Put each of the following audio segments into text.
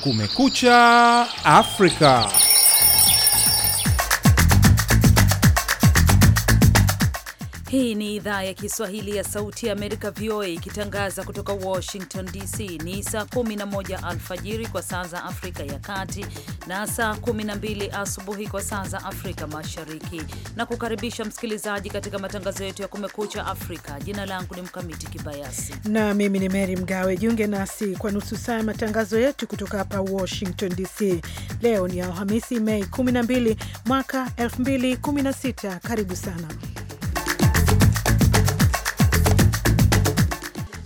Kumekucha Afrika. Hii ni idhaa ya Kiswahili ya Sauti ya Amerika, VOA, ikitangaza kutoka Washington DC. Ni saa 11 alfajiri kwa saa za Afrika ya Kati na saa 12 asubuhi kwa saa za Afrika Mashariki, na kukaribisha msikilizaji katika matangazo yetu ya Kumekucha Afrika. Jina langu ni Mkamiti Kibayasi na mimi ni Mary Mgawe. Jiunge nasi kwa nusu saa ya matangazo yetu kutoka hapa Washington DC. Leo ni Alhamisi, Mei 12 mwaka 2016. Karibu sana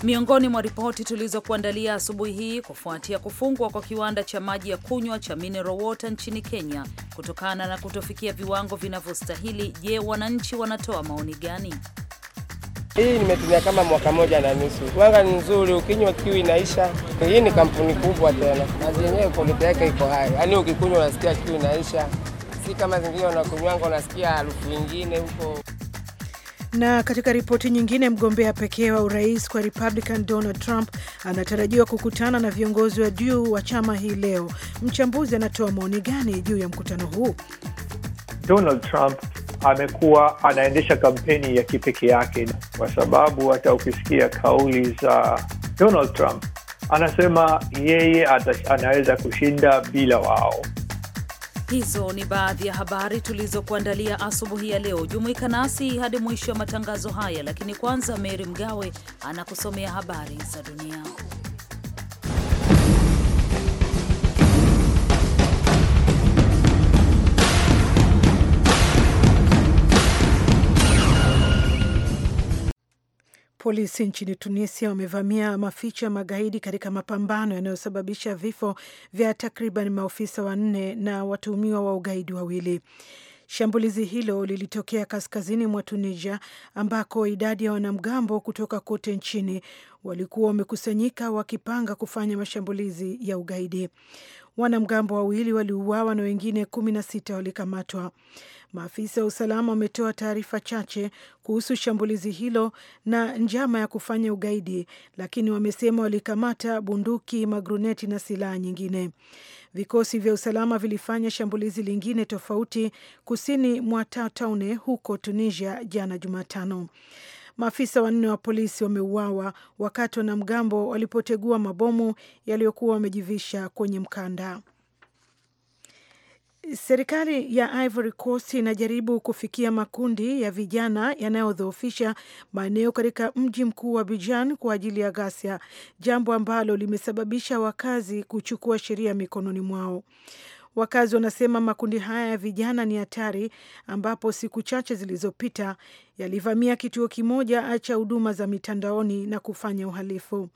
miongoni mwa ripoti tulizokuandalia asubuhi hii. Kufuatia kufungwa kwa kiwanda cha maji ya kunywa cha Mineral Water nchini Kenya kutokana na kutofikia viwango vinavyostahili, je, wananchi wanatoa maoni gani? Hii nimetumia kama mwaka moja na nusu. Wanga ni nzuri, ukinywa kiu inaisha. Hii ni kampuni kubwa, tena maji yenyewe politi yake iko hai, yaani ukikunywa unasikia kiu inaisha, si kama zingine unakunywanga unasikia harufu ingine huko. Na katika ripoti nyingine, mgombea pekee wa urais kwa Republican Donald Trump anatarajiwa kukutana na viongozi wa juu wa chama hii leo. Mchambuzi anatoa maoni gani juu ya mkutano huu? Donald Trump amekuwa anaendesha kampeni ya kipekee yake, kwa sababu hata ukisikia kauli za Donald Trump anasema yeye anaweza kushinda bila wao. Hizo ni baadhi ya habari tulizokuandalia asubuhi ya leo. Jumuika nasi hadi mwisho wa matangazo haya, lakini kwanza Meri Mgawe anakusomea habari za dunia. Polisi nchini Tunisia wamevamia maficho ya magaidi katika mapambano yanayosababisha vifo vya takriban maofisa wanne na watuhumiwa wa ugaidi wawili. Shambulizi hilo lilitokea kaskazini mwa Tunisia ambako idadi ya wanamgambo kutoka kote nchini walikuwa wamekusanyika wakipanga kufanya mashambulizi ya ugaidi. Wanamgambo wawili waliuawa na wengine kumi na sita walikamatwa. Maafisa wa usalama wametoa taarifa chache kuhusu shambulizi hilo na njama ya kufanya ugaidi, lakini wamesema walikamata bunduki, magruneti na silaha nyingine. Vikosi vya usalama vilifanya shambulizi lingine tofauti kusini mwa Tataune huko Tunisia jana Jumatano. Maafisa wanne wa polisi wameuawa wakati wanamgambo walipotegua mabomu yaliyokuwa wamejivisha kwenye mkanda. Serikali ya Ivory Coast inajaribu kufikia makundi ya vijana yanayodhoofisha maeneo katika mji mkuu wa Abidjan kwa ajili ya ghasia, jambo ambalo limesababisha wakazi kuchukua sheria mikononi mwao. Wakazi wanasema makundi haya ya vijana ni hatari, ambapo siku chache zilizopita yalivamia kituo kimoja cha huduma za mitandaoni na kufanya uhalifu.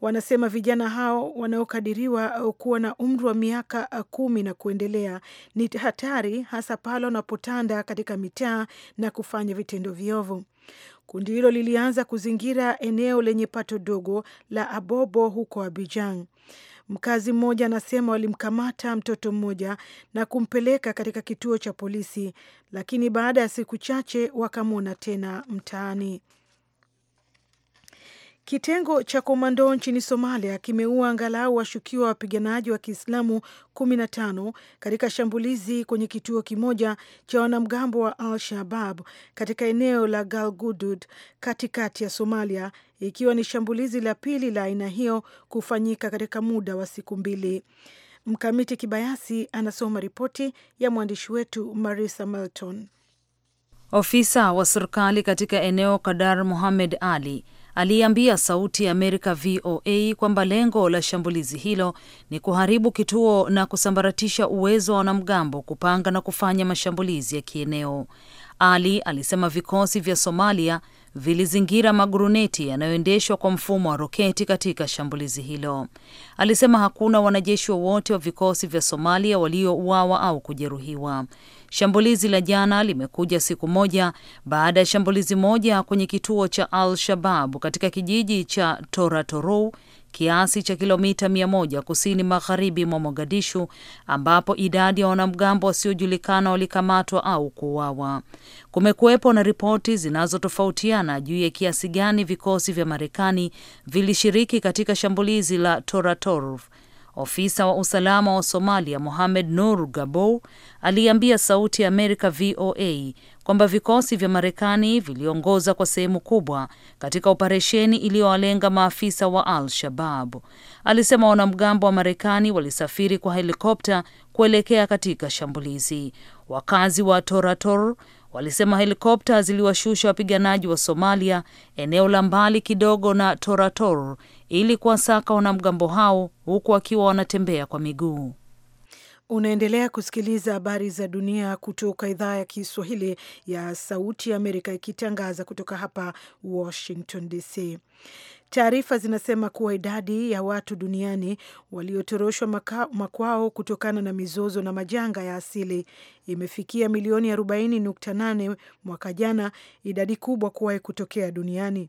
Wanasema vijana hao wanaokadiriwa kuwa na umri wa miaka uh, kumi na kuendelea ni hatari, hasa pale wanapotanda katika mitaa na kufanya vitendo viovu. Kundi hilo lilianza kuzingira eneo lenye pato dogo la Abobo huko Abijan. Mkazi mmoja anasema walimkamata mtoto mmoja na kumpeleka katika kituo cha polisi, lakini baada ya siku chache wakamwona tena mtaani. Kitengo cha komando nchini Somalia kimeua angalau washukiwa wapiganaji wa Kiislamu 15 katika shambulizi kwenye kituo kimoja cha wanamgambo wa Al Shabab katika eneo la Galgudud katikati ya Somalia, ikiwa ni shambulizi la pili la aina hiyo kufanyika katika muda wa siku mbili. Mkamiti Kibayasi anasoma ripoti ya mwandishi wetu Marisa Melton. Ofisa wa serikali katika eneo Kadar muhamed Ali aliambia Sauti ya Amerika VOA kwamba lengo la shambulizi hilo ni kuharibu kituo na kusambaratisha uwezo wa wanamgambo kupanga na kufanya mashambulizi ya kieneo. Ali alisema vikosi vya Somalia vilizingira maguruneti yanayoendeshwa kwa mfumo wa roketi katika shambulizi hilo. Alisema hakuna wanajeshi wowote wa vikosi vya Somalia waliouawa au kujeruhiwa. Shambulizi la jana limekuja siku moja baada ya shambulizi moja kwenye kituo cha Al-Shabab katika kijiji cha Toratorou kiasi cha kilomita mia moja kusini magharibi mwa Mogadishu ambapo idadi ya wanamgambo wasiojulikana walikamatwa au kuuawa. Kumekuwepo na ripoti zinazotofautiana juu ya kiasi gani vikosi vya Marekani vilishiriki katika shambulizi la toratorv Ofisa wa usalama wa Somalia Mohamed Nur Gabou aliambia Sauti ya Amerika VOA kwamba vikosi vya Marekani viliongoza kwa sehemu kubwa katika operesheni iliyowalenga maafisa wa Al Shabab. Alisema wanamgambo wa Marekani walisafiri kwa helikopta kuelekea katika shambulizi. Wakazi wa Torator walisema helikopta ziliwashusha wapiganaji wa Somalia eneo la mbali kidogo na Torator ili kuwasaka wanamgambo hao huku wakiwa wanatembea kwa miguu. Unaendelea kusikiliza habari za dunia kutoka idhaa ya Kiswahili ya Sauti ya Amerika ikitangaza kutoka hapa Washington DC. Taarifa zinasema kuwa idadi ya watu duniani waliotoroshwa makwao kutokana na mizozo na majanga ya asili imefikia milioni 40.8 mwaka jana, idadi kubwa kuwahi kutokea duniani.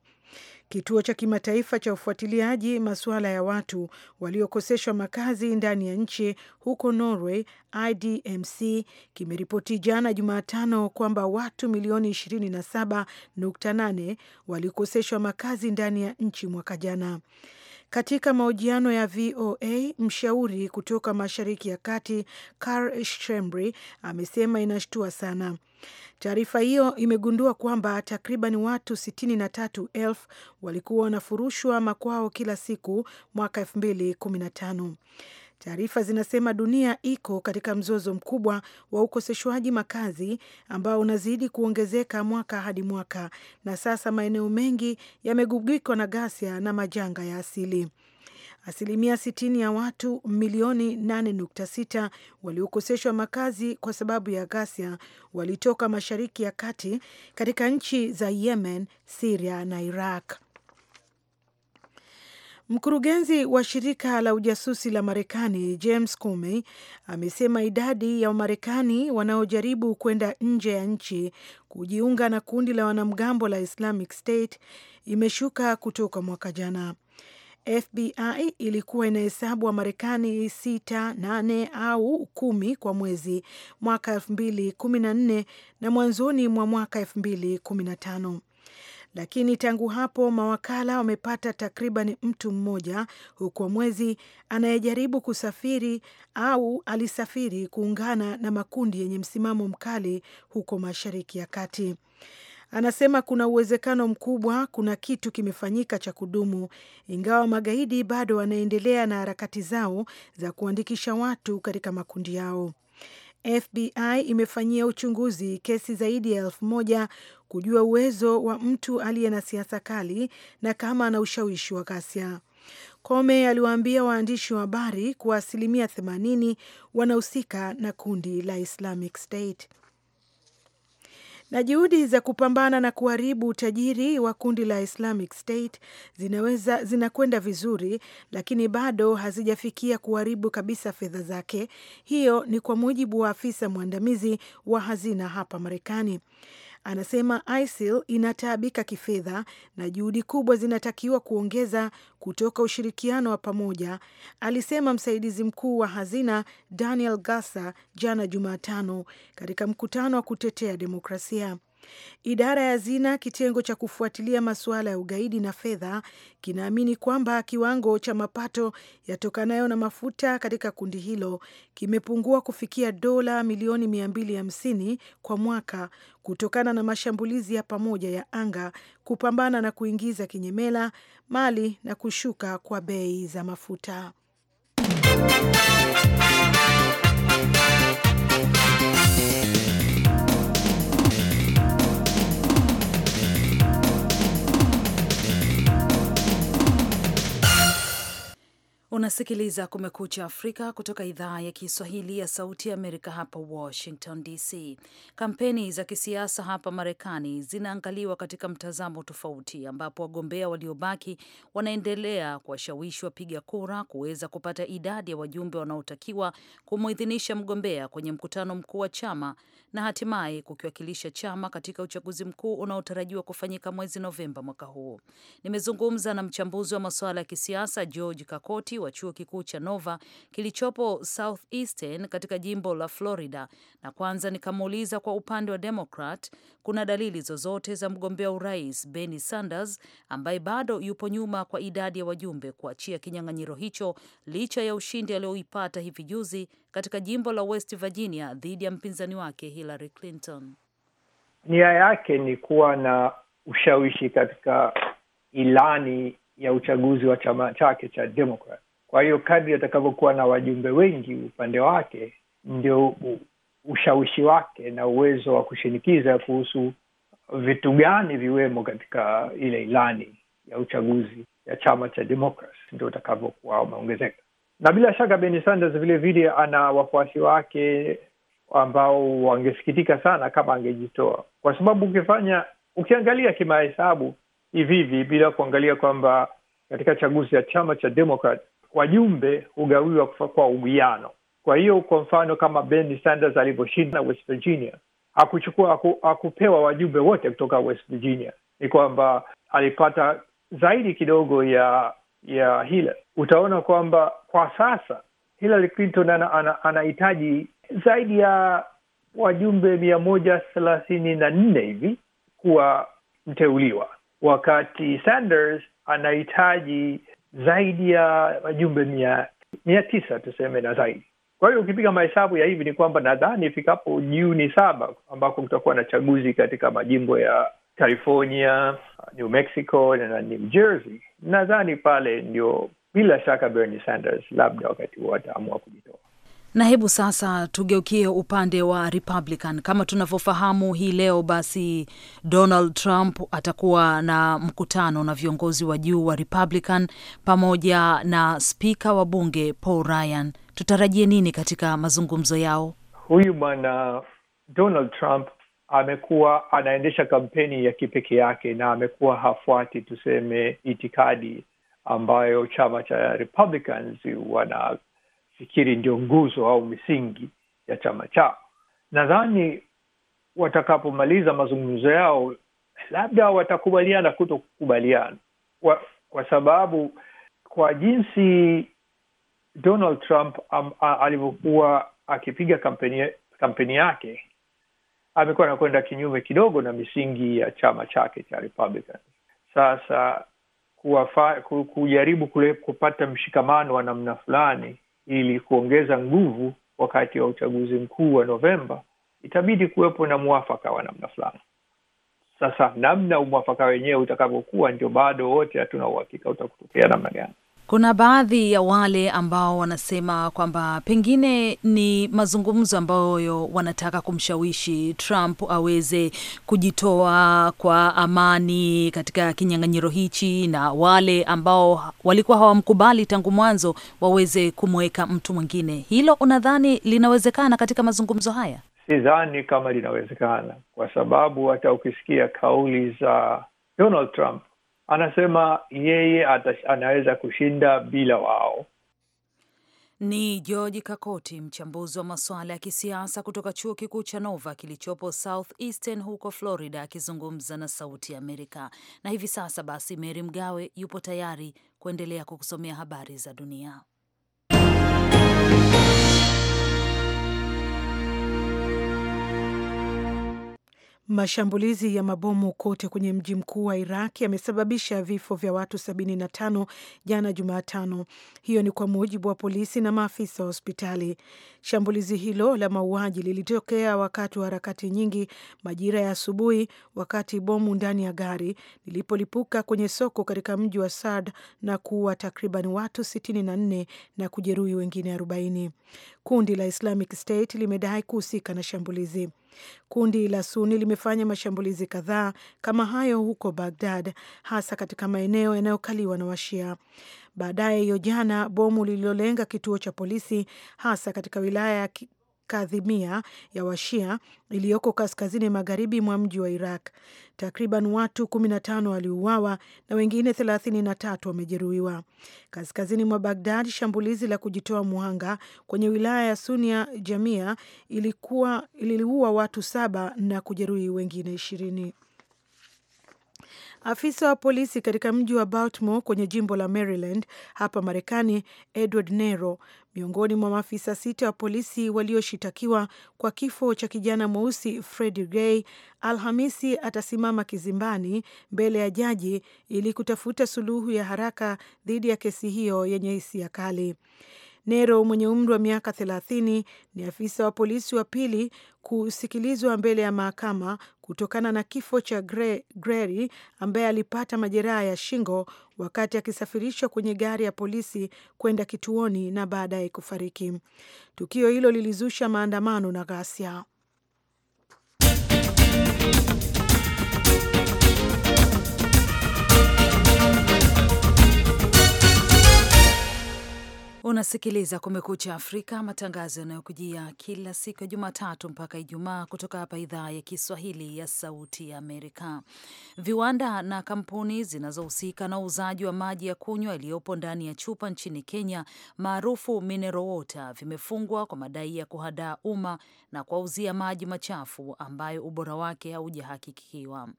Kituo cha kimataifa cha ufuatiliaji masuala ya watu waliokoseshwa makazi ndani ya nchi huko Norway, IDMC, kimeripoti jana Jumatano kwamba watu milioni 27.8 walikoseshwa makazi ndani ya nchi mwaka jana. Katika mahojiano ya VOA, mshauri kutoka Mashariki ya Kati Karl Schembri amesema inashtua sana. Taarifa hiyo imegundua kwamba takriban watu 63,000 walikuwa wanafurushwa makwao kila siku mwaka 2015. Taarifa zinasema dunia iko katika mzozo mkubwa wa ukoseshwaji makazi ambao unazidi kuongezeka mwaka hadi mwaka, na sasa maeneo mengi yamegugikwa na ghasia na majanga ya asili. Asilimia 60 ya watu milioni 8.6 waliokoseshwa makazi kwa sababu ya ghasia walitoka Mashariki ya Kati katika nchi za Yemen, Siria na Iraq. Mkurugenzi wa shirika la ujasusi la Marekani James Comey amesema idadi ya Wamarekani wanaojaribu kwenda nje ya nchi kujiunga na kundi la wanamgambo la Islamic State imeshuka kutoka mwaka jana. FBI ilikuwa inahesabu wa Marekani sita, nane au kumi kwa mwezi mwaka elfu mbili kumi na nne na mwanzoni mwa mwaka elfu mbili kumi na tano lakini tangu hapo mawakala wamepata takriban mtu mmoja huko mwezi anayejaribu kusafiri au alisafiri kuungana na makundi yenye msimamo mkali huko Mashariki ya Kati. Anasema kuna uwezekano mkubwa kuna kitu kimefanyika cha kudumu, ingawa magaidi bado wanaendelea na harakati zao za kuandikisha watu katika makundi yao. FBI imefanyia uchunguzi kesi zaidi ya elfu moja kujua uwezo wa mtu aliye na siasa kali na kama ana ushawishi wa ghasia. Kome aliwaambia waandishi wa habari kuwa asilimia 80 wanahusika na kundi la Islamic State na juhudi za kupambana na kuharibu utajiri wa kundi la Islamic State zinaweza zinakwenda vizuri, lakini bado hazijafikia kuharibu kabisa fedha zake. Hiyo ni kwa mujibu wa afisa mwandamizi wa hazina hapa Marekani. Anasema ISIL inataabika kifedha na juhudi kubwa zinatakiwa kuongeza kutoka ushirikiano wa pamoja, alisema msaidizi mkuu wa hazina Daniel Gassa jana Jumatano katika mkutano wa kutetea demokrasia. Idara ya zina kitengo cha kufuatilia masuala ya ugaidi na fedha, kinaamini kwamba kiwango cha mapato yatokanayo na mafuta katika kundi hilo kimepungua kufikia dola milioni 250 kwa mwaka kutokana na mashambulizi ya pamoja ya anga kupambana na kuingiza kinyemela mali na kushuka kwa bei za mafuta. Unasikiliza Kumekucha Afrika kutoka idhaa ya Kiswahili ya Sauti ya Amerika, hapa Washington DC. Kampeni za kisiasa hapa Marekani zinaangaliwa katika mtazamo tofauti, ambapo wagombea waliobaki wanaendelea kuwashawishi wapiga kura kuweza kupata idadi ya wajumbe wanaotakiwa kumwidhinisha mgombea kwenye mkutano mkuu wa chama na hatimaye kukiwakilisha chama katika uchaguzi mkuu unaotarajiwa kufanyika mwezi Novemba mwaka huu. Nimezungumza na mchambuzi wa masuala ya kisiasa George Kakoti wa chuo kikuu cha Nova kilichopo Southeastern katika jimbo la Florida, na kwanza nikamuuliza kwa upande wa Democrat kuna dalili zozote za mgombea urais Bernie Sanders ambaye bado yupo nyuma kwa idadi ya wajumbe kuachia kinyang'anyiro hicho licha ya ushindi aliyoipata hivi juzi katika jimbo la West Virginia dhidi ya mpinzani wake Hillary Clinton. Nia yake ni kuwa na ushawishi katika ilani ya uchaguzi wa chama chake cha Democrat, kwa hiyo kadri atakavyokuwa na wajumbe wengi upande wake, ndio ushawishi wake na uwezo wa kushinikiza kuhusu vitu gani viwemo katika ile ilani ya uchaguzi ya chama cha Democrats ndio utakavyokuwa umeongezeka. Na bila shaka Bernie Sanders vile vile ana wafuasi wake ambao wangesikitika sana kama angejitoa, kwa sababu ukifanya ukiangalia kimahesabu hivihivi bila kuangalia kwamba katika chaguzi ya chama cha Democrat wajumbe hugawiwa kwa uwiano. Kwa hiyo kwa mfano kama Bernie Sanders alivyoshinda West Virginia, hakuchukua hakupewa wajumbe wote kutoka West Virginia, ni kwamba alipata zaidi kidogo ya ya Hillary. Utaona kwamba kwa sasa Hillary Clinton anahitaji ana, ana zaidi ya wajumbe mia moja thelathini na nne hivi kuwa mteuliwa, wakati Sanders anahitaji zaidi ya wajumbe mia mia tisa tuseme na zaidi. Kwa hiyo ukipiga mahesabu ya hivi ni kwamba nadhani ifikapo Juni saba ambako kutakuwa na chaguzi katika majimbo ya California, New Mexico na New Jersey, nadhani pale ndio bila shaka Bernie Sanders labda wakati huo ataamua kujitoa. Na hebu sasa tugeukie upande wa Republican. Kama tunavyofahamu hii leo, basi Donald Trump atakuwa na mkutano na viongozi wa juu wa Republican pamoja na spika wa bunge Paul Ryan. Tutarajie nini katika mazungumzo yao? Huyu bwana Donald Trump amekuwa anaendesha kampeni ya kipeke yake na amekuwa hafuati tuseme itikadi ambayo chama cha Republicans wana fikiri ndio nguzo au misingi ya chama chao. Nadhani watakapomaliza mazungumzo yao, labda watakubaliana kuto kukubaliana kwa, kwa sababu kwa jinsi Donald Trump um, alivyokuwa akipiga kampeni, kampeni yake amekuwa anakwenda kinyume kidogo na misingi ya chama chake cha Republican. Sasa kuwafa, kujaribu kule kupata mshikamano wa namna fulani ili kuongeza nguvu wakati wa uchaguzi mkuu wa Novemba, itabidi kuwepo na mwafaka wa namna fulani. Sasa namna umwafaka wenyewe utakavyokuwa, ndio bado wote hatuna uhakika utakutokea namna gani. Kuna baadhi ya wale ambao wanasema kwamba pengine ni mazungumzo ambayo wanataka kumshawishi Trump aweze kujitoa kwa amani katika kinyang'anyiro hichi, na wale ambao walikuwa hawamkubali tangu mwanzo waweze kumweka mtu mwingine. Hilo unadhani linawezekana katika mazungumzo haya? Sidhani kama linawezekana, kwa sababu hata ukisikia kauli za Donald Trump anasema yeye atash, anaweza kushinda bila wao. Ni George Kakoti, mchambuzi wa masuala ya kisiasa kutoka chuo kikuu cha Nova kilichopo Southeastern huko Florida, akizungumza na Sauti ya Amerika. Na hivi sasa basi, mery Mgawe yupo tayari kuendelea kukusomea habari za dunia. Mashambulizi ya mabomu kote kwenye mji mkuu wa Iraq yamesababisha vifo vya watu 75 jana Jumatano. Hiyo ni kwa mujibu wa polisi na maafisa wa hospitali. Shambulizi hilo la mauaji lilitokea wakati wa harakati nyingi majira ya asubuhi, wakati bomu ndani ya gari lilipolipuka kwenye soko katika mji wa Sad na kuua takriban watu 64 na kujeruhi wengine 40. Kundi la Islamic State limedai kuhusika na shambulizi. Kundi la Suni limefanya mashambulizi kadhaa kama hayo huko Bagdad, hasa katika maeneo yanayokaliwa na Washia. Baadaye hiyo jana, bomu lililolenga kituo cha polisi hasa katika wilaya ya kadhimia ya Washia iliyoko kaskazini magharibi mwa mji wa Iraq. Takriban watu 15 waliuawa na wengine 33 wamejeruhiwa kaskazini mwa Bagdad. Shambulizi la kujitoa muhanga kwenye wilaya ya Sunia Jamia ilikuwa watu saba na kujeruhi wengine ishirini. Afisa wa polisi katika mji wa Baltimore kwenye jimbo la Maryland hapa Marekani, Edward Nero, miongoni mwa maafisa sita wa polisi walioshitakiwa kwa kifo cha kijana mweusi Freddie Gray, Alhamisi atasimama kizimbani mbele ya jaji ili kutafuta suluhu ya haraka dhidi ya kesi hiyo yenye hisia kali. Nero mwenye umri wa miaka thelathini ni afisa wa polisi wa pili kusikilizwa mbele ya mahakama kutokana na kifo cha greri ambaye alipata majeraha ya shingo wakati akisafirishwa kwenye gari ya polisi kwenda kituoni na baadaye kufariki. Tukio hilo lilizusha maandamano na ghasia. Unasikiliza Kumekucha Afrika, matangazo yanayokujia kila siku ya Jumatatu mpaka Ijumaa kutoka hapa idhaa ya Kiswahili ya Sauti ya Amerika. Viwanda na kampuni zinazohusika na uuzaji wa maji ya kunywa yaliyopo ndani ya chupa nchini Kenya, maarufu mineral water, vimefungwa kwa madai ya kuhadaa umma na kuwauzia maji machafu ambayo ubora wake haujahakikiwa.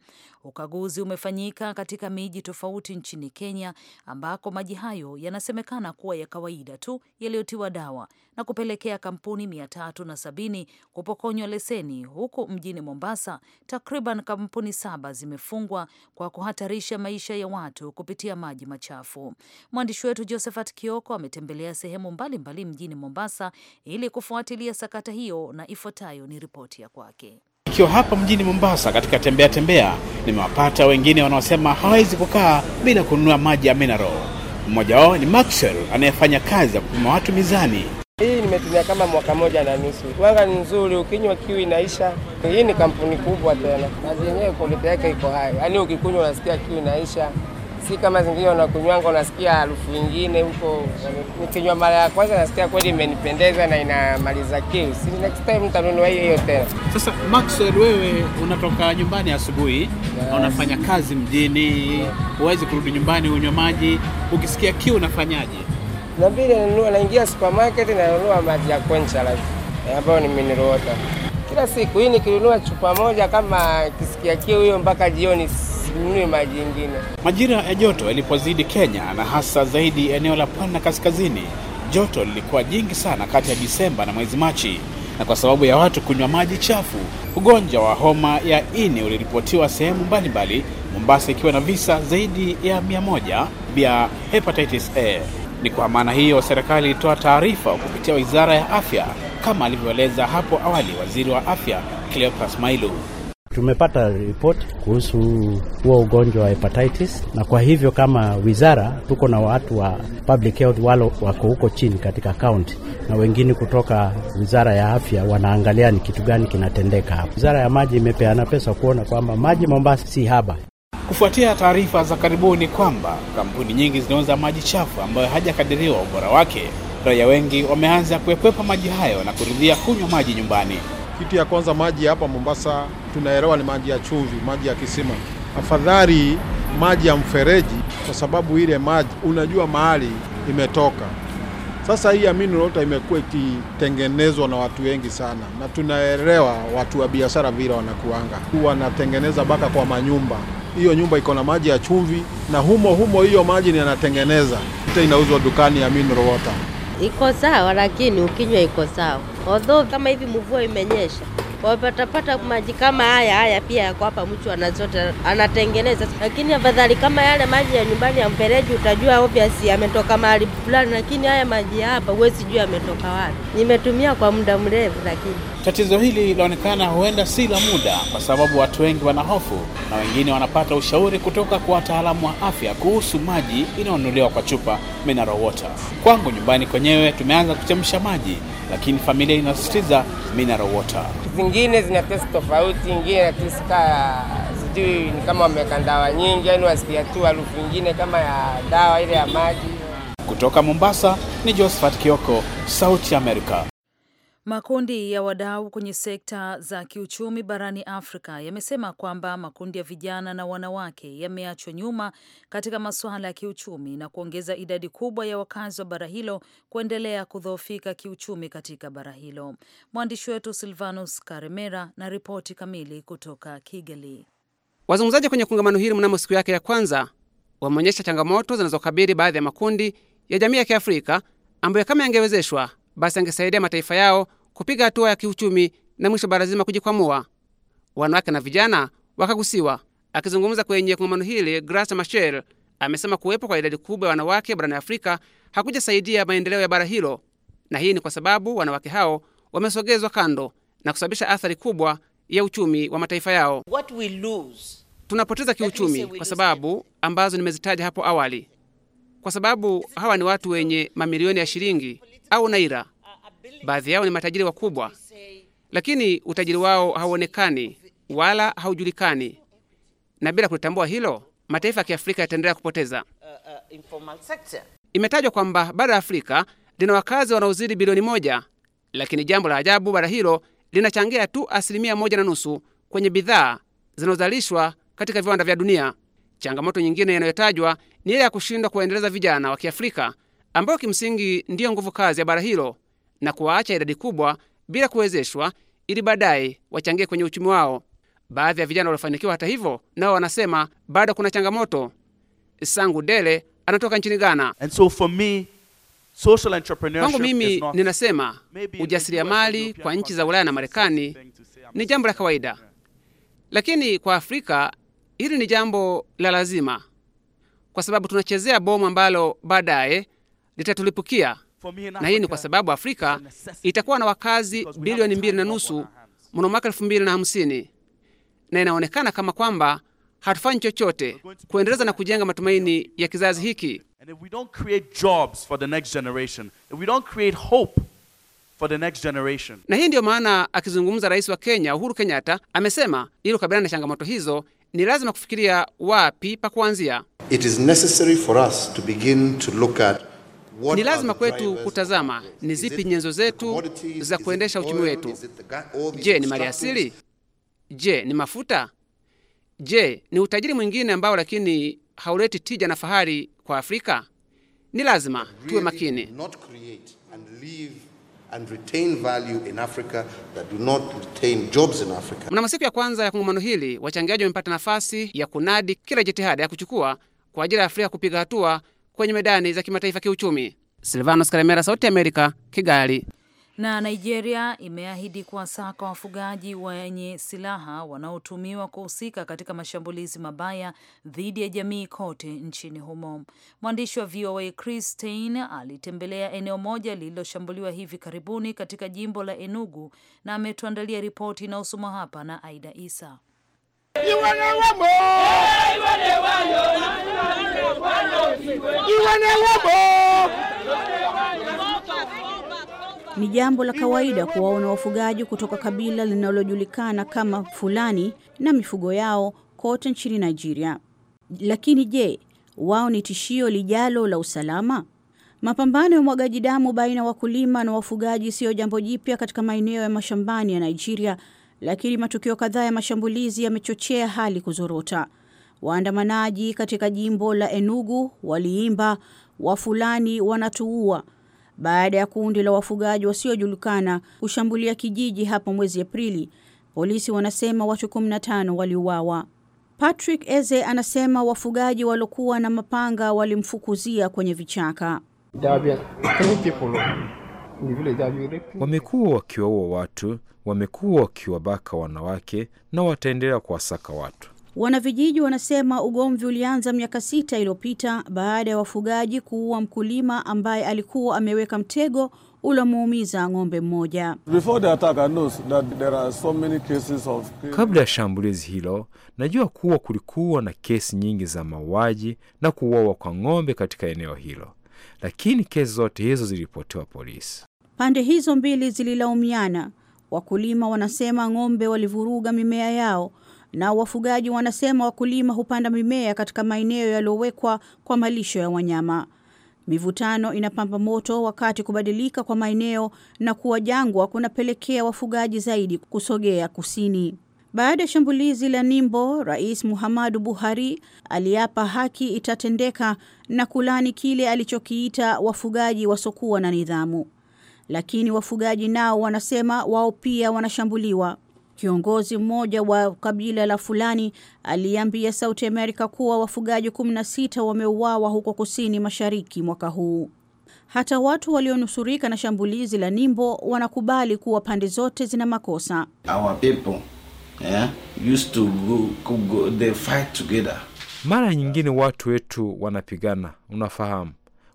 Ukaguzi umefanyika katika miji tofauti nchini Kenya ambako maji hayo yanasemekana kuwa ya kawaida tu yaliyotiwa dawa na kupelekea kampuni mia tatu na sabini kupokonywa leseni, huku mjini Mombasa takriban kampuni saba zimefungwa kwa kuhatarisha maisha ya watu kupitia maji machafu. Mwandishi wetu Josephat Kioko ametembelea sehemu mbalimbali mbali mjini Mombasa ili kufuatilia sakata hiyo, na ifuatayo ni ripoti ya kwake. Ikiwa hapa mjini Mombasa katika tembea tembea, nimewapata wengine wanaosema hawawezi kukaa bila kununua maji ya mineral mmoja wao ni Maxwell anayefanya kazi ya kupima watu mizani. Hii nimetumia kama mwaka moja na nusu. Wanga ni nzuri, ukinywa kiu inaisha. Hii ni kampuni kubwa tena, kazi yenyewe quality yake iko hai, yaani ukikunywa unasikia kiu inaisha nikifika mazingira na kunywanga unasikia harufu nyingine huko. Nikinywa mara ya kwanza, nasikia kweli imenipendeza na inamaliza kiu. Si next time nitanunua hiyo hiyo tena. Sasa Maxwell, wewe unatoka nyumbani asubuhi yes. unafanya kazi mjini, huwezi yes. kurudi nyumbani unywa maji, ukisikia kiu unafanyaje? Na mbili nanunua, naingia supermarket nanunua maji ya kwencha eh, ambayo nimeniroota kila siku. Hii nikinunua chupa moja, kama kisikia kiu hiyo mpaka jioni tununue maji ingine. Majira ya joto yalipozidi Kenya na hasa zaidi eneo la pwani na kaskazini, joto lilikuwa jingi sana kati ya Disemba na mwezi Machi, na kwa sababu ya watu kunywa maji chafu, ugonjwa wa homa ya ini uliripotiwa sehemu mbalimbali, Mombasa ikiwa na visa zaidi ya mia moja vya hepatitis A. Ni kwa maana hiyo serikali ilitoa taarifa kupitia wizara ya afya, kama alivyoeleza hapo awali waziri wa afya Cleopas Mailu. Tumepata ripoti kuhusu huo ugonjwa wa hepatitis, na kwa hivyo kama wizara tuko na watu wa public health walo wako huko chini katika kaunti, na wengine kutoka wizara ya afya wanaangalia ni kitu gani kinatendeka hapa. Wizara ya maji imepeana pesa kuona kwamba maji Mombasa si haba, kufuatia taarifa za karibuni kwamba kampuni nyingi zinauza maji chafu ambayo hajakadiriwa ubora wake. Raia wengi wameanza kuekwepa maji hayo na kuridhia kunywa maji nyumbani. Kitu ya kwanza, maji hapa Mombasa tunaelewa ni maji ya chumvi, maji ya kisima. Afadhali maji ya mfereji, kwa sababu ile maji unajua mahali imetoka. Sasa hii ya mineral water imekuwa ikitengenezwa na watu wengi sana, na tunaelewa watu wa biashara vile wanakuanga, wanatengeneza mpaka kwa manyumba. Hiyo nyumba iko na maji ya chumvi, na humo humo hiyo maji ni yanatengeneza, inauzwa dukani ya mineral water iko sawa, lakini ukinywa iko sawa. Although kama hivi mvua imenyesha, wapatapata maji kama haya haya, pia yako hapa, mtu anazota anatengeneza, lakini afadhali kama yale maji ya nyumbani ya mpereji, utajua obviously yametoka mahali fulani, lakini haya maji hapa huwezi jua yametoka wapi. Nimetumia kwa muda mrefu lakini Tatizo hili linaonekana huenda si la muda, kwa sababu watu wengi wanahofu na wengine wanapata ushauri kutoka kwa wataalamu wa afya kuhusu maji inayonunuliwa kwa chupa, mineral water. Kwangu nyumbani kwenyewe tumeanza kuchemsha maji, lakini familia inasisitiza mineral water. Zingine zina tesi tofauti, ingine na sijui ni kama wameweka dawa nyingi, yani wasikia tu harufu ingine kama ya dawa ile ya maji. Kutoka Mombasa ni Josephat Kioko, Sauti ya Amerika. Makundi ya wadau kwenye sekta za kiuchumi barani Afrika yamesema kwamba makundi ya vijana na wanawake yameachwa nyuma katika masuala ya kiuchumi na kuongeza idadi kubwa ya wakazi wa bara hilo kuendelea kudhoofika kiuchumi katika bara hilo. Mwandishi wetu Silvanus Karemera na ripoti kamili kutoka Kigali. Wazungumzaji kwenye kongamano hili mnamo siku yake ya kwanza wameonyesha changamoto zinazokabili baadhi ya makundi ya jamii ya Kiafrika ambayo kama yangewezeshwa basi angesaidia mataifa yao kupiga hatua ya kiuchumi na mwisho bara zima kujikwamua. Wanawake na vijana wakagusiwa. Akizungumza kwenye kongamano hili, Grace Machel amesema kuwepo kwa idadi kubwa ya wanawake barani Afrika hakujasaidia maendeleo ya bara hilo, na hii ni kwa sababu wanawake hao wamesogezwa kando na kusababisha athari kubwa ya uchumi wa mataifa yao. What we lose, tunapoteza kiuchumi kwa sababu ambazo nimezitaja hapo awali, kwa sababu hawa ni watu wenye mamilioni ya shilingi au naira Baadhi yao ni matajiri wakubwa, lakini utajiri wao hauonekani wala haujulikani, na bila kulitambua hilo, mataifa ya Kiafrika yataendelea kupoteza. Imetajwa kwamba bara la Afrika lina wakazi wanaozidi bilioni moja, lakini jambo la ajabu, bara hilo linachangia tu asilimia moja na nusu kwenye bidhaa zinazozalishwa katika viwanda vya dunia. Changamoto nyingine inayotajwa ni ile ya kushindwa kuwaendeleza vijana wa Kiafrika ambao kimsingi ndiyo nguvu kazi ya bara hilo na kuwaacha idadi kubwa bila kuwezeshwa ili baadaye wachangie kwenye uchumi wao. Baadhi ya vijana waliofanikiwa hata hivyo, nao wanasema bado kuna changamoto. Sangu Dele anatoka nchini Ghana. And so for me, social entrepreneurship kwangu mimi ninasema ujasiriamali kwa nchi za Ulaya na Marekani ni jambo la kawaida, lakini kwa Afrika hili ni jambo la lazima, kwa sababu tunachezea bomu ambalo baadaye litatulipukia na hii ni kwa sababu Afrika itakuwa na wakazi bilioni mbili na nusu mnamo mwaka elfu mbili na hamsini na inaonekana kama kwamba hatufanyi chochote kuendeleza na kujenga matumaini ya kizazi hiki. Na hii ndiyo maana akizungumza rais wa Kenya Uhuru Kenyatta amesema ili kukabiliana na changamoto hizo ni lazima kufikiria wapi pa kuanzia. It is necessary for us to begin to look at ni lazima kwetu kutazama ni zipi nyenzo zetu za kuendesha uchumi wetu. Je, ni maliasili? Je, ni mafuta? Je, ni utajiri mwingine ambao lakini hauleti tija na fahari kwa Afrika? Ni lazima tuwe makini mnamo siku ya kwanza ya kongamano hili, wachangiaji wamepata nafasi ya kunadi kila jitihada ya kuchukua kwa ajili ya Afrika kupiga hatua kwenye medani za kimataifa kiuchumi. Silvanos Karemera, Sauti ya Amerika, Kigali. Na Nigeria imeahidi kuwasaka wafugaji wenye silaha wanaotumiwa kuhusika katika mashambulizi mabaya dhidi ya jamii kote nchini humo. Mwandishi wa VOA Chris alitembelea eneo moja lililoshambuliwa hivi karibuni katika jimbo la Enugu na ametuandalia ripoti inayosomwa hapa na Aida Isa iwe Ni jambo la kawaida kuwaona wafugaji kutoka kabila linalojulikana kama Fulani na mifugo yao kote nchini Nigeria. Lakini je, wao ni tishio lijalo la usalama? Mapambano ya mwagaji damu baina ya wakulima na wafugaji siyo jambo jipya katika maeneo ya mashambani ya Nigeria, lakini matukio kadhaa ya mashambulizi yamechochea hali kuzorota. Waandamanaji katika jimbo la Enugu waliimba wafulani wanatuua baada ya kundi la wafugaji wasiojulikana kushambulia kijiji hapo mwezi Aprili. Polisi wanasema watu 15 waliuawa. Patrick Eze anasema wafugaji waliokuwa na mapanga walimfukuzia kwenye vichaka. Wamekuwa wakiwaua watu, wamekuwa wakiwabaka wanawake na wataendelea kuwasaka watu. Wanavijiji wanasema ugomvi ulianza miaka sita iliyopita baada ya wafugaji kuua mkulima ambaye alikuwa ameweka mtego uliomuumiza ng'ombe mmoja. kabla ya shambulizi hilo, najua kuwa kulikuwa na kesi nyingi za mauaji na kuuawa kwa ng'ombe katika eneo hilo, lakini kesi zote hizo zilipotewa polisi. Pande hizo mbili zililaumiana. Wakulima wanasema ng'ombe walivuruga mimea yao na wafugaji wanasema wakulima hupanda mimea katika maeneo yaliyowekwa kwa malisho ya wanyama. Mivutano inapamba moto wakati kubadilika kwa maeneo na kuwa jangwa kunapelekea wafugaji zaidi kusogea kusini. Baada ya shambulizi la Nimbo, Rais Muhammadu Buhari aliapa haki itatendeka na kulani kile alichokiita wafugaji wasokuwa na nidhamu. Lakini wafugaji nao wanasema wao pia wanashambuliwa. Kiongozi mmoja wa kabila la Fulani aliambia Sauti Amerika kuwa wafugaji 16 wameuawa huko kusini mashariki mwaka huu. Hata watu walionusurika na shambulizi la Nimbo wanakubali kuwa pande zote zina makosa. Our people, yeah, used to go, go, they fight together. Mara nyingine watu wetu wanapigana, unafahamu,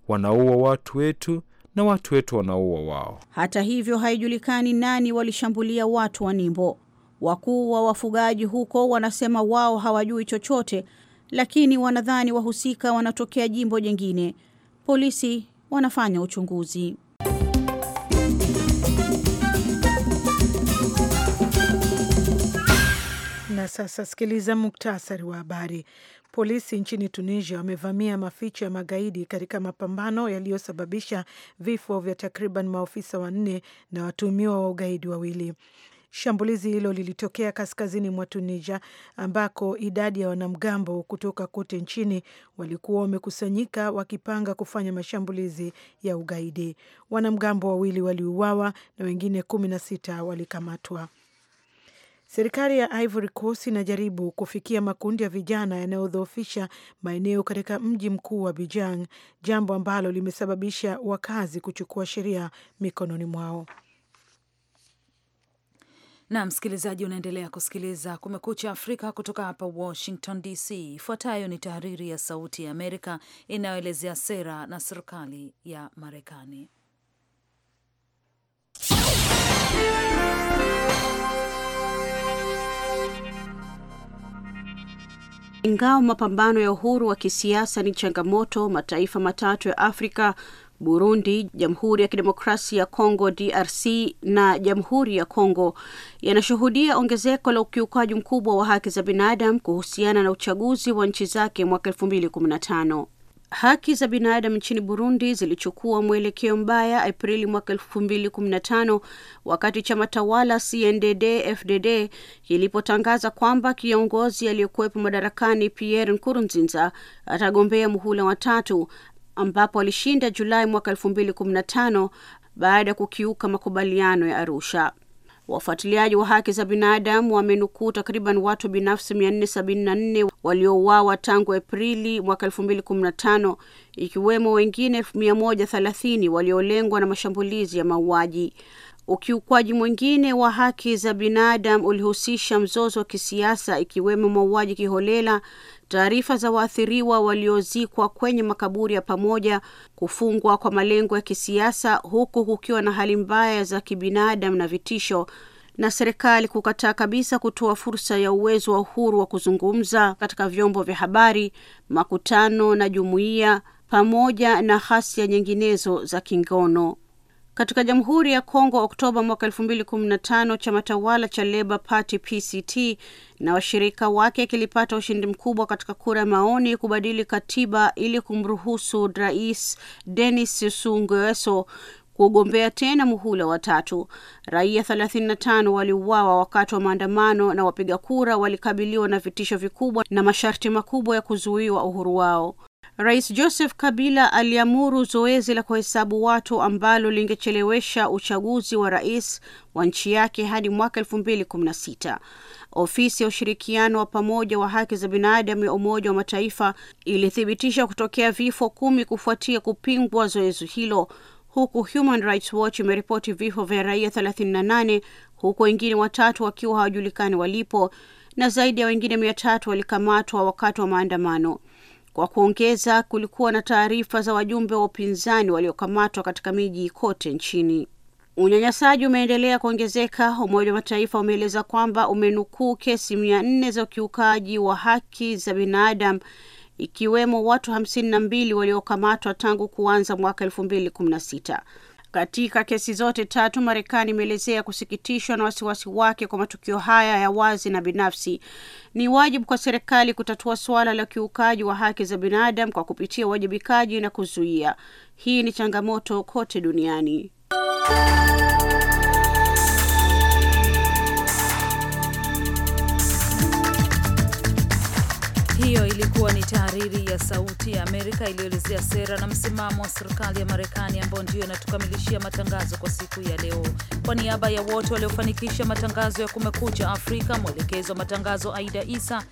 wanaua watu wetu na watu wetu wanaua wao. Hata hivyo, haijulikani nani walishambulia watu wa Nimbo. Wakuu wa wafugaji huko wanasema wao hawajui chochote, lakini wanadhani wahusika wanatokea jimbo jingine. Polisi wanafanya uchunguzi. Na sasa sikiliza muktasari wa habari. Polisi nchini Tunisia wamevamia maficho ya magaidi katika mapambano yaliyosababisha vifo vya takriban maofisa wanne na watuhumiwa wa ugaidi wawili. Shambulizi hilo lilitokea kaskazini mwa Tunisia, ambako idadi ya wanamgambo kutoka kote nchini walikuwa wamekusanyika wakipanga kufanya mashambulizi ya ugaidi. Wanamgambo wawili waliuawa na wengine kumi na sita walikamatwa. Serikali ya Ivory Coast inajaribu kufikia makundi ya vijana yanayodhoofisha maeneo katika mji mkuu wa Abidjan, jambo ambalo limesababisha wakazi kuchukua sheria mikononi mwao na msikilizaji, unaendelea kusikiliza Kumekucha Afrika kutoka hapa Washington DC. Ifuatayo ni tahariri ya Sauti ya Amerika inayoelezea sera na serikali ya Marekani. Ingawa mapambano ya uhuru wa kisiasa ni changamoto, mataifa matatu ya Afrika Burundi, Jamhuri ya Kidemokrasia ya Kongo DRC na Jamhuri ya Kongo yanashuhudia ongezeko la ukiukaji mkubwa wa haki za binadamu kuhusiana na uchaguzi wa nchi zake mwaka tano. Haki za binadamu nchini Burundi zilichukua mwelekeo mbaya Aprili mwaka tano wakati chama tawala CNDD-FDD kilipotangaza kwamba kiongozi aliyekuwepo madarakani Pierre Nkurunziza atagombea muhula wa tatu ambapo alishinda Julai mwaka 2015 baada ya kukiuka makubaliano ya Arusha. Wafuatiliaji wa haki za binadamu wamenukuu takriban watu binafsi 474 waliouawa tangu Aprili mwaka 2015 ikiwemo wengine 130 waliolengwa na mashambulizi ya mauaji. Ukiukwaji mwingine wa haki za binadamu ulihusisha mzozo wa kisiasa ikiwemo mauaji kiholela taarifa za waathiriwa waliozikwa kwenye makaburi ya pamoja, kufungwa kwa malengo ya kisiasa, huku kukiwa na hali mbaya za kibinadamu na vitisho na serikali kukataa kabisa kutoa fursa ya uwezo wa uhuru wa kuzungumza katika vyombo vya habari, makutano na jumuiya, pamoja na ghasia nyinginezo za kingono. Katika Jamhuri ya Kongo, Oktoba mwaka 215 chama tawala cha Labour Party PCT na washirika wake kilipata ushindi mkubwa katika kura ya maoni kubadili katiba ili kumruhusu Rais Denis sungueso kugombea tena muhula watatu Raia 35 waliuawa wakati wa maandamano na wapiga kura walikabiliwa na vitisho vikubwa na masharti makubwa ya kuzuiwa uhuru wao. Rais Joseph Kabila aliamuru zoezi la kuhesabu watu ambalo lingechelewesha uchaguzi wa rais wa nchi yake hadi mwaka 2016. Ofisi ya ushirikiano wa pamoja wa haki za binadamu ya Umoja wa Mataifa ilithibitisha kutokea vifo kumi kufuatia kupingwa zoezi hilo, huku Human Rights Watch imeripoti vifo vya raia 38 huku wengine watatu wakiwa hawajulikani walipo na zaidi ya wengine mia tatu walikamatwa wakati wa maandamano. Kwa kuongeza, kulikuwa na taarifa za wajumbe wa upinzani waliokamatwa katika miji kote nchini. Unyanyasaji umeendelea kuongezeka. Umoja wa Mataifa umeeleza kwamba umenukuu kesi mia nne za ukiukaji wa haki za binadamu ikiwemo watu hamsini na mbili waliokamatwa tangu kuanza mwaka elfu mbili kumi na sita. Katika kesi zote tatu, Marekani imeelezea kusikitishwa na wasiwasi wake kwa matukio haya ya wazi na binafsi. Ni wajibu kwa serikali kutatua suala la ukiukaji wa haki za binadamu kwa kupitia uwajibikaji na kuzuia. Hii ni changamoto kote duniani. Hiyo ilikuwa ni tahariri ya Sauti ya Amerika iliyoelezea sera na msimamo wa serikali ya Marekani, ambayo ndiyo inatukamilishia matangazo kwa siku ya leo. Kwa niaba ya wote waliofanikisha matangazo ya Kumekucha Afrika, mwelekezo wa matangazo Aida Isa,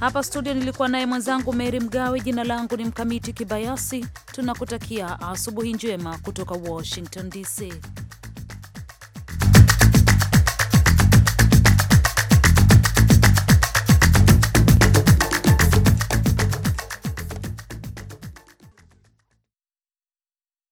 hapa studio nilikuwa naye mwenzangu mery Mgawe. Jina langu ni Mkamiti Kibayasi, tunakutakia asubuhi njema kutoka Washington DC.